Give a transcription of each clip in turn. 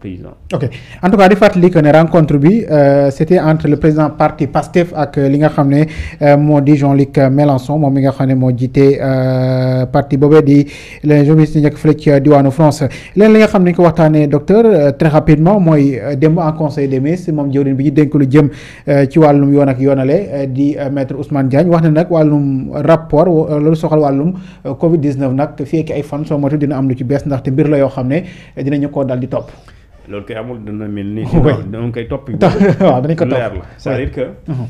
paysan. ok en tout cas di fàttali que ne rencontre bi euh, c' était entre le président parti PASTEF ak euh, li nga xam ne euh, moo di Jean-Luc Mélenchon moom mi nga xam ne moo jiite parti boobee di les journalistes yi nekk fële ci diwaanu France leen li nga xam ne ko waxtaanee docteur très rapidement mooy démb en conseil des ministres moom jëwriñ bi ñu dénk lu jëm ci wàllum yoon ak yoonale di maître Ousmane Diagne wax na nag wàllum rapport loolu soxal wàllum Covid 19 nag fii ak ay fan soo moytu dina am lu ci bees ndaxte mbir la yoo xam ne dinañu ko dal di topp. loolu koy amul dana mel ni. dinañ koy topp. waaw danañ ko topp leer la c'est-à-dire que. Mhm.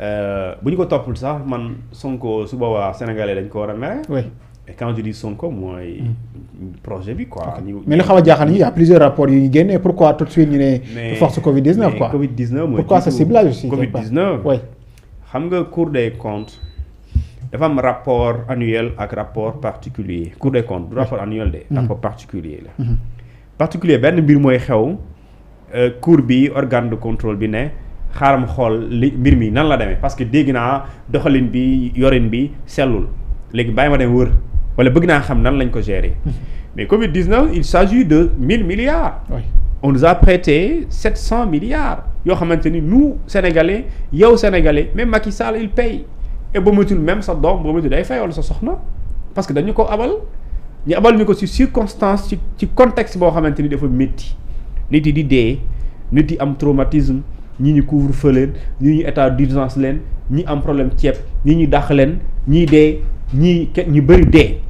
Euh, bu ñu ko toppul sax man Sonko su boobaa sénégalais dañ ko war a mere. et quand je dis Sonko mooy. Mhm. projet bi quoi. Okay. mais li xaw a jaaxal ñu y' a plusieurs rapports yu ñu génnee pourquoi tout de suite ñu ne. force Covid 19 quoi Covid 19 pourquoi ce ciblage aussi. Covid 19 oui. xam nga Cour des comptes dafa am rapport annuel ak rapport particulier Cour des comptes du rapport annuel de. Mhm. rapport particulier la. particulier benn mbir mooy xew euh, cour bi organe de contrôle bi ne xaaram xool li mbir mi nan la demee parce que dégg naa doxalin bi yorin bi sellul léegi bàyyi ma dem wër wala bëgg naa xam nan lañ ko gérer mais Covid 19 il s'agit de 1000 milliards. Oui. on nous a prêté 700 milliards yoo xamante ni nous sénégalais yow sénégalais même Macky Sall il paye et ba matul même sa doom ba day day fayoon sa soxna parce que dañu ko abal. ñu abal ñu ko ci circonstance ci ci contexte boo xamante ni dafa métti nit yi di dee nit yi am traumatisme ñi ñu couvre-feu leen ñi ñu état d'urgence leen ñi am problème ceeb ñi ñu dàq leen ñii dee ñii ñu bëri dee.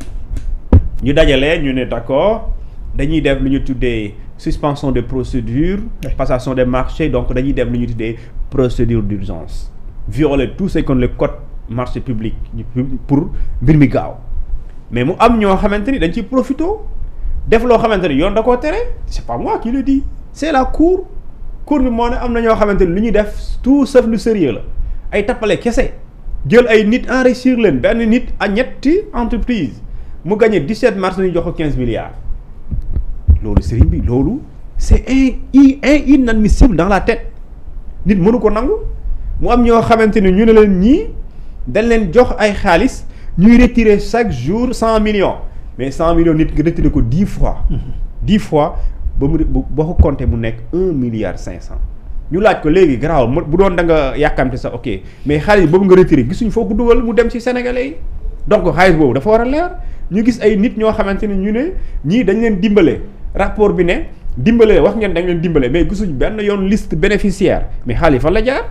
ñu dajale ñu ne d'accord dañuy def lu ñu tuddee suspension des procédures passation des marché donc dañuy def lu ñu tuddee procédure d'urgence violer tous ce qu'on le code marché public pour mbir mi gaaw mais mu am ñoo xamante ni dañ ciy profité def loo xamante ni yoon da koo tere c'est pas moi qui le dis c'est la cour cour bi moo ne am na ñoo xamante ni lu ñuy def tout sauf lu sérieux la ay tappale kese jël ay nit enrichir leen benn nit a ñetti entreprise mu gagné 17 mars ñu jox ko 15 milliards loolu sëriñ bi loolu c'est in inadmissible dans la tête nit mënu ko nangu mu am ñoo xamante ni ñu ne leen ñii dañ leen jox ay xaalis. ñuy retirer chaque jour cent million mais cent millions nit nga retirer ko dix fois. dix fois ba mu boo ko compter mu nekk un milliard cinq cent. ñu laaj ko léegi garaaw bu doon da nga yàkkamte sax ok mais xaalis boobu nga retiré gisuñ foo ko dugal mu dem ci sénégalais yi donc xaalis boobu dafa war a leer ñu gis ay nit ñoo xamante ne ñu ne ñii dañ leen dimbale rapport bi ne dimbale wax ngeen dañ leen dimbale mais gisuñu benn yoon liste bénéficiaire mais xaalis fan la jaar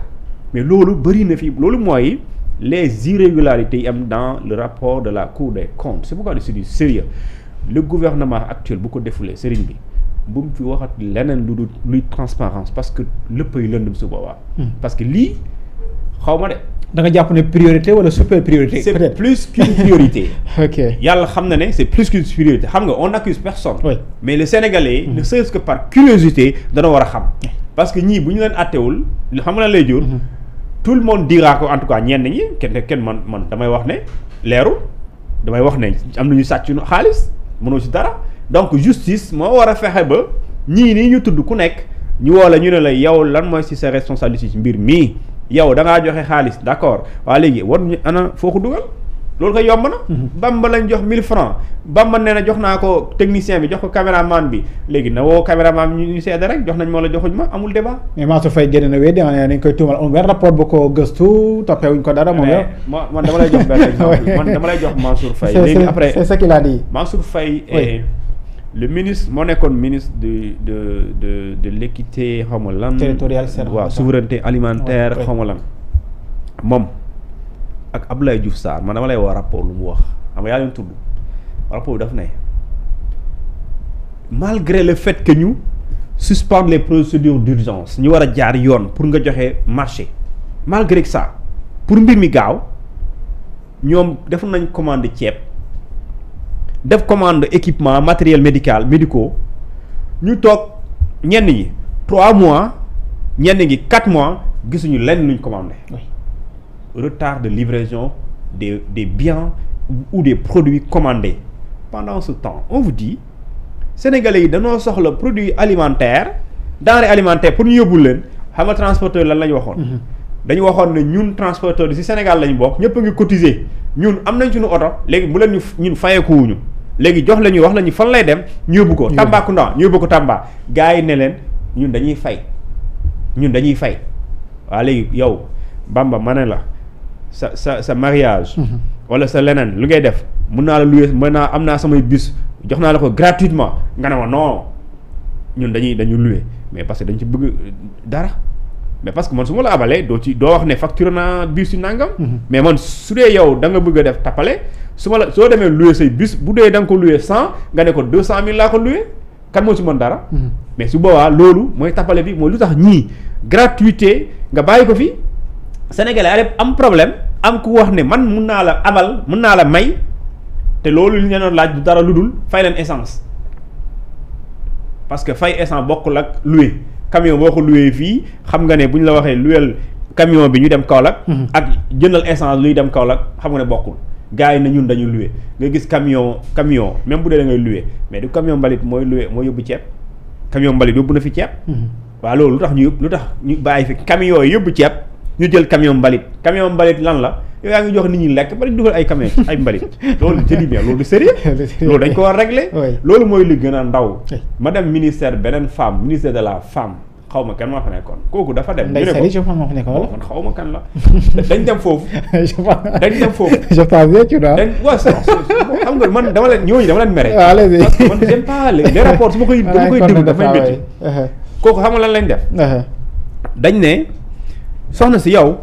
mais loolu bëri na fi loolu mooy. les irrégularités yi am dans le rapport de la cour des comptes c'est pourquoi c'est du sérieux le gouvernement actuel bu ko defulee sëriñ bi bu mu fi waxat leneen lu dul luy transparence parce que léppay lëndëm su boobaa hmm. parce que lii xaw ma de da nga jàpp ne priorité wala super priorité. c'est plus qu'une priorité. yàlla xam na ne c'est plus qu'une priorité xam nga on n'accuse personne. Oui. mais le Sénégalais. Hmm. ne serait que par curiosité dana war a xam. Hmm. parce que ñii bu ñu leen àttewul xam nga lan lay tout le monde dira ko en tout cas ñenn ñi kenn kenn man man damay wax ne leeru damay wax ne am nañu sàcc xaalis mënoo ci dara donc justice moo war a fexe ba ñii nii ñu tudd ku nekk ñu woo la ñu ne la yow lan mooy si sa responsabilité ci mbir mii yow da ngaa joxe xaalis d'accord waa léegi war ñu ana foo ko dugal. loolu ko yomb na. Mm-hmm. Bamba lañ jox 1000 francs Bamba nee na jox naa ko technicien bi jox ko caméraman bi léegi na woo caméraman bi ñu seede rek jox nañ moo la joxuñ ma amul débat. mais Mansour Faye génn na weddi ne dañ koy tuumal amul benn rapport bu ko gëstu toppewuñ ko dara. moom eh, yow man dama lay jox benn exemple man dama lay jox Mansour Faye. léegi après c'est ce qu'il a le ministre moo nekkoon ministre de de de de l'équité xaw ma lan. territoriale waaw souveraineté alimentaire xaw ma moom. ak Abdoulaye Diouf Sarr man dama lay woo rapport lu mu wax xam nga yaa leen tudd rapport bi daf ne malgré le fet que ñu suspendre les procédures d'urgence ñu war a jaar yoon pour nga joxe marché malgré que ça pour mbir mi gaaw ñoom def nañ commande ceeb def commande équipement matériel médical médicaux ñu toog ñenn ñi trois mois ñenn ñi quatre mois gisuñu lenn luñ commandé. retard de libraision des, des biens ou des produit commandés pendant ce temps on vous dit yi dañoo soxla produit alimentaire denrée alimentaire pour ñu yóbbul leen xam transporteur lan la ñu waxoon mhm. dañu waxoon ne ñun transporteur si Sénégal lañ bokk ñëpp a ngi cotiser ñun am nañ suñu oto léegi bu leen ñu ñun fayekuwuñu léegi jox la ñu wax la fan lay dem ñu yóbbu ko Tambacounda ñu yóbbu ko Tamba gars yi ne leen ñun dañuy fay ñun dañuy fay waaw léegi yow Bamba ma la sa sa sa mariage. Mhm. wala sa leneen lu ngay def mun naa la louer mën naa am naa samay bus jox naa la ko gratuitement nga ne ma non ñun dañuy dañu louer mais parce que dañ ci bëgg euh, dara mais parce que man su ma la abalee doo ci doo wax ne facture naa bus yu nangam. Mhm. mais man su dee yow da nga bëgg a def tapale su ma la soo demee louer say bus bu dee da nga ko louer cent nga ne ko deux cent mille laa ko louer kan moo ci mën dara. Mhm. mais su boobaa loolu mooy tapale bi mooy ko sénégalais yëpp am problème am ku wax ne man mun naa la abal mun naa la may te loolu li ñu doon laaj du dara lu dul fay leen essence parce que fay essence bokkul ak loué camion boo ko loué fii xam nga ne bu ñu la waxee luwel camion bi ñu dem Kaolack. Mhm. ak jëndal essence luy dem Kaolack xam nga ne bokkul. gaa yi na ñun dañu loué nga gis camion camion même bu dee da ngay mais du camion mbalit mooy loué mooy yóbbu ceeb camion mbalit yóbbu na fi ceeb. Mhm. waaw loolu lu tax lu tax ñu bàyyi fi camion yóbbu ceeb. ñu jël camion mbalit camion mbalit lan la yow yaa ngi jox nit ñi lekk bari dugal ay camion ay mbalit loolu je dis bien loolu sérieux loolu dañ ko war a régler loolu mooy li gën a ndaw ma dem ministère beneen femme ministère de la femme xaw ma kan moo fa nekkoon kooku dafa dem. ñu ne ko xaw ma kan la dañ dem foofu. dañ dem xam nga man dama leen ñooñu dama leen mere. waaw ah, allez parce koy dama dafay métti. Uh-huh. kooku xam nga lan lañ def. Uh-huh. dañ ne. soxna si yow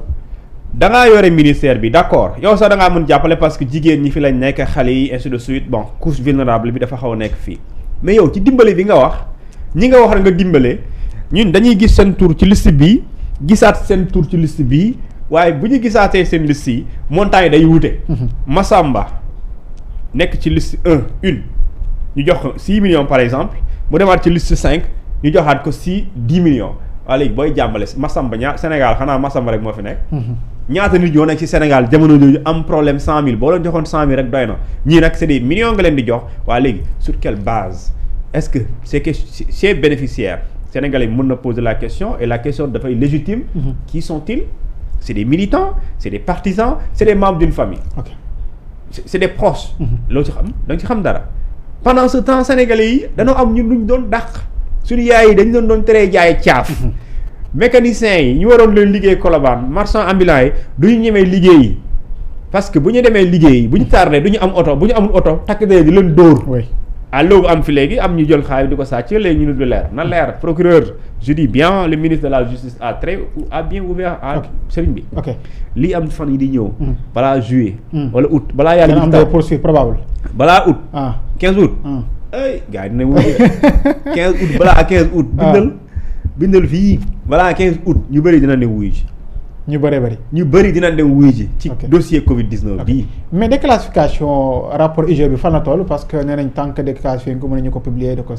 da ngaa yore ministère bi d'accord yow sax da ngaa mën jàppale parce que jigéen ñi fi lañ nekk xale yi ainsi de suite bon couche vulnérable bi dafa xaw a nekk fii mais yow ci dimbale bi nga wax ñi nga wax nga dimbale ñun dañuy gis seen tour ci list bi gisaat seen tour ci liste bi waaye bu ñu gisaatee seen liste yi montagne day wuute. Mhm. Massamba nekk ci liste une ñu jox ko six millions par exemple mu demaat ci list cinq ñu joxaat ko six dix million waa léegi booy jàmbale Massamba ñaa Sénégal xanaa Massamba rek moo fi nekk. Mhm. ñaata nit ñoo nekk ci Sénégal jamono jooju am problème cent mille boo leen joxoon cent mille rek doy na ñii nag c'est des millions nga leen di jox waa léegi sur quelle base est que c'est que ces bénéficiaires sénégalais mën na poser la question et la question dafay légitime. Mhm. qui sont-ils c'est des militants c'est des partisans c'est des membres d'une famille. ok c'est des proches. Mhm. loo ci xam da nga ci xam dara. pendant ce temps sénégalais yi ñu doon dàq. suñu yaay yi dañu doon doon teree jaaye caaf. mécaniciens yi ñu waroon leen liggéey Colobane marchand ambulant yi ñu ñemee liggéey yi parce que bu ñu demee liggéey bu ñu tardé du ñu am oto bu ñu amul oto takk dee di leen dóor. à loolu am fi léegi am ñu jël xaalis di ko sàcc léegi ñu ne du leer na leer procureur je dis bien le ministre de la justice a très a bien ouvert à sëriñ bi. li lii am fan yi di ñëw. Hmm. balaa juillet. Hmm. wala août balaa yàlla. di taw probable. balaa août. ah 15 ay gars yi dinañ wóor 15 août balaa 15 août. Ah. bindal bindal fii balaa 15 août ñu bëri dina ne wuyu ji. ñu bëree bëri. ñu bëri dina dem wuyu ji. ci dossier Covid 19 bii. mais déclassification rapport IGE bi fan la toll parce que nee nañ tant que déclassifié ko mën nañu ko publier de ko